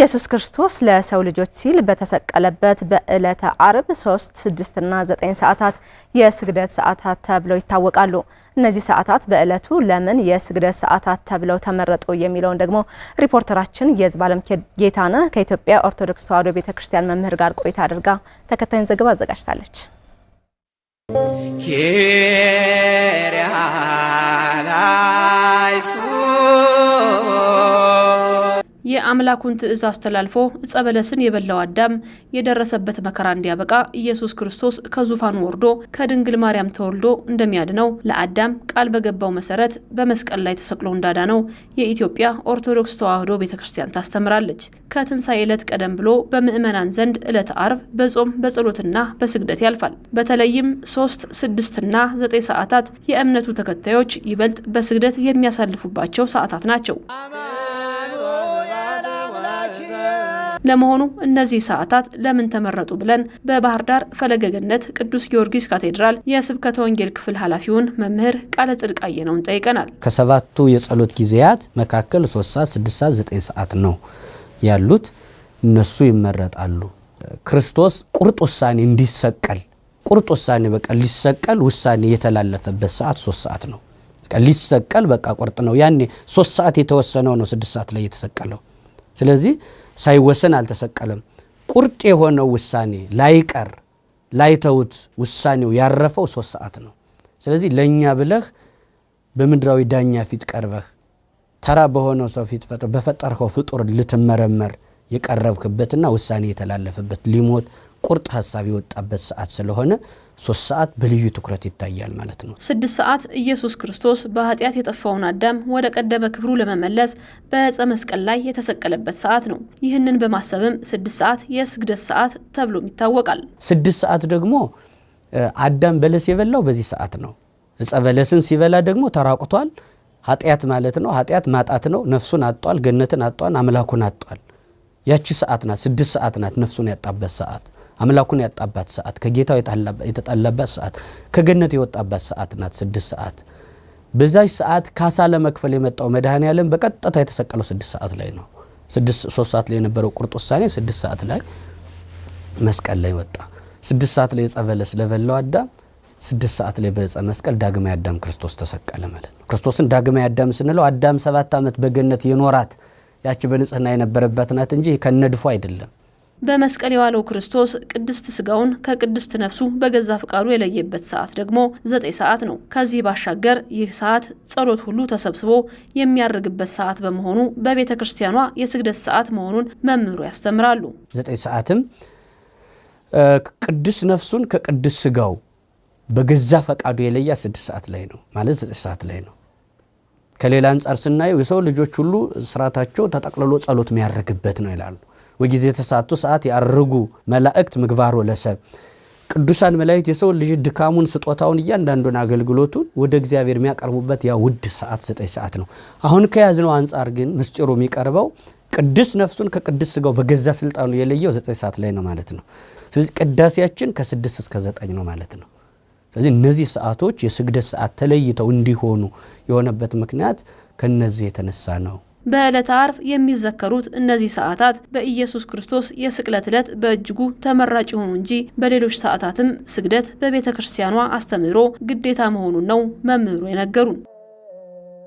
ኢየሱስ ክርስቶስ ለሰው ልጆች ሲል በተሰቀለበት በዕለተ አርብ 3፣ 6 እና 9 ሰዓታት የስግደት ሰዓታት ተብለው ይታወቃሉ። እነዚህ ሰዓታት በዕለቱ ለምን የስግደት ሰዓታት ተብለው ተመረጡ የሚለውን ደግሞ ሪፖርተራችን የህዝብ አለም ከኢትዮጵያ ኦርቶዶክስ ተዋሕዶ ቤተ ክርስቲያን መምህር ጋር ቆይታ አድርጋ ተከታዩን ዘገባ አዘጋጅታለች። የአምላኩን ትእዛዝ አስተላልፎ ዕፀ በለስን የበላው አዳም የደረሰበት መከራ እንዲያበቃ ኢየሱስ ክርስቶስ ከዙፋኑ ወርዶ ከድንግል ማርያም ተወልዶ እንደሚያድነው ለአዳም ቃል በገባው መሰረት በመስቀል ላይ ተሰቅሎ እንዳዳነው የኢትዮጵያ ኦርቶዶክስ ተዋሕዶ ቤተ ክርስቲያን ታስተምራለች። ከትንሣኤ ዕለት ቀደም ብሎ በምዕመናን ዘንድ ዕለት አርብ በጾም በጸሎትና በስግደት ያልፋል። በተለይም ሶስት ስድስትና ዘጠኝ ሰዓታት የእምነቱ ተከታዮች ይበልጥ በስግደት የሚያሳልፉባቸው ሰዓታት ናቸው። ለመሆኑ እነዚህ ሰዓታት ለምን ተመረጡ ብለን በባህር ዳር ፈለገ ገነት ቅዱስ ጊዮርጊስ ካቴድራል የስብከተ ወንጌል ክፍል ኃላፊውን መምህር ቃለ ጽድቃየ ነውን ጠይቀናል። ከሰባቱ የጸሎት ጊዜያት መካከል 3 ሰዓት፣ 6 ሰዓት፣ 9 ሰዓት ነው ያሉት። እነሱ ይመረጣሉ። ክርስቶስ ቁርጥ ውሳኔ እንዲሰቀል ቁርጥ ውሳኔ በቃ ሊሰቀል ውሳኔ የተላለፈበት ሰዓት ሶስት ሰዓት ነው። ሊሰቀል በቃ ቁርጥ ነው። ያኔ ሶስት ሰዓት የተወሰነው ነው ስድስት ሰዓት ላይ የተሰቀለው ስለዚህ ሳይወሰን አልተሰቀለም። ቁርጥ የሆነው ውሳኔ ላይቀር ላይተውት ውሳኔው ያረፈው ሶስት ሰዓት ነው። ስለዚህ ለእኛ ብለህ በምድራዊ ዳኛ ፊት ቀርበህ ተራ በሆነው ሰው ፊት በፈጠርከው ፍጡር ልትመረመር የቀረብክበትና ውሳኔ የተላለፈበት ሊሞት ቁርጥ ሀሳብ የወጣበት ሰዓት ስለሆነ ሶስት ሰዓት በልዩ ትኩረት ይታያል ማለት ነው። ስድስት ሰዓት ኢየሱስ ክርስቶስ በኃጢአት የጠፋውን አዳም ወደ ቀደመ ክብሩ ለመመለስ በዕፀ መስቀል ላይ የተሰቀለበት ሰዓት ነው። ይህንን በማሰብም ስድስት ሰዓት የስግደት ሰዓት ተብሎም ይታወቃል። ስድስት ሰዓት ደግሞ አዳም በለስ የበላው በዚህ ሰዓት ነው። ዕፀ በለስን ሲበላ ደግሞ ተራቁቷል። ኃጢአት ማለት ነው። ኃጢአት ማጣት ነው። ነፍሱን አጧል፣ ገነትን አጧል፣ አምላኩን አጧል። ያቺ ሰዓት ናት፣ ስድስት ሰዓት ናት፣ ነፍሱን ያጣበት ሰዓት አምላኩን ያጣባት ሰዓት፣ ከጌታው የተጣላባት ሰዓት፣ ከገነት የወጣባት ሰዓት ናት ስድስት ሰዓት። በዛች ሰዓት ካሳ ለመክፈል የመጣው መድኃኔ ዓለም በቀጥታ የተሰቀለው ስድስት ሰዓት ላይ ነው። ሶስት ሰዓት ላይ የነበረው ቁርጥ ውሳኔ ስድስት ሰዓት ላይ መስቀል ላይ ወጣ። ስድስት ሰዓት ላይ የጸበለስ ለበላው አዳም ስድስት ሰዓት ላይ በዕፀ መስቀል ዳግማ አዳም ክርስቶስ ተሰቀለ ማለት ነው። ክርስቶስን ዳግማ አዳም ስንለው አዳም ሰባት ዓመት በገነት የኖራት ያቺ በንጽህና የነበረባት ናት እንጂ ከነድፎ አይደለም። በመስቀል የዋለው ክርስቶስ ቅድስት ስጋውን ከቅድስት ነፍሱ በገዛ ፍቃዱ የለየበት ሰዓት ደግሞ ዘጠኝ ሰዓት ነው። ከዚህ ባሻገር ይህ ሰዓት ጸሎት ሁሉ ተሰብስቦ የሚያርግበት ሰዓት በመሆኑ በቤተ ክርስቲያኗ የስግደት ሰዓት መሆኑን መምህሩ ያስተምራሉ። ዘጠኝ ሰዓትም ቅዱስ ነፍሱን ከቅዱስ ስጋው በገዛ ፈቃዱ የለያ ስድስት ሰዓት ላይ ነው ማለት ዘጠኝ ሰዓት ላይ ነው። ከሌላ አንጻር ስናየው የሰው ልጆች ሁሉ ስርዓታቸው ተጠቅልሎ ጸሎት የሚያደርግበት ነው ይላሉ። ወጊዜ ተሳቱ ሰዓት ያርጉ መላእክት ምግባሮ ለሰብ ቅዱሳን መላእክት የሰው ልጅ ድካሙን፣ ስጦታውን፣ እያንዳንዱን አገልግሎቱን ወደ እግዚአብሔር የሚያቀርቡበት ያ ውድ ሰዓት ዘጠኝ ሰዓት ነው። አሁን ከያዝነው አንጻር ግን ምስጢሩ የሚቀርበው ቅዱስ ነፍሱን ከቅዱስ ስጋው በገዛ ስልጣኑ የለየው ዘጠኝ ሰዓት ላይ ነው ማለት ነው። ስለዚህ ቅዳሴያችን ከስድስት እስከ ዘጠኝ ነው ማለት ነው። ስለዚህ እነዚህ ሰዓቶች የስግደት ሰዓት ተለይተው እንዲሆኑ የሆነበት ምክንያት ከነዚህ የተነሳ ነው። በዕለተ አርፍ የሚዘከሩት እነዚህ ሰዓታት በኢየሱስ ክርስቶስ የስቅለት ዕለት በእጅጉ ተመራጭ ይሆኑ እንጂ በሌሎች ሰዓታትም ስግደት በቤተ ክርስቲያኗ አስተምህሮ ግዴታ መሆኑን ነው መምህሩ የነገሩን።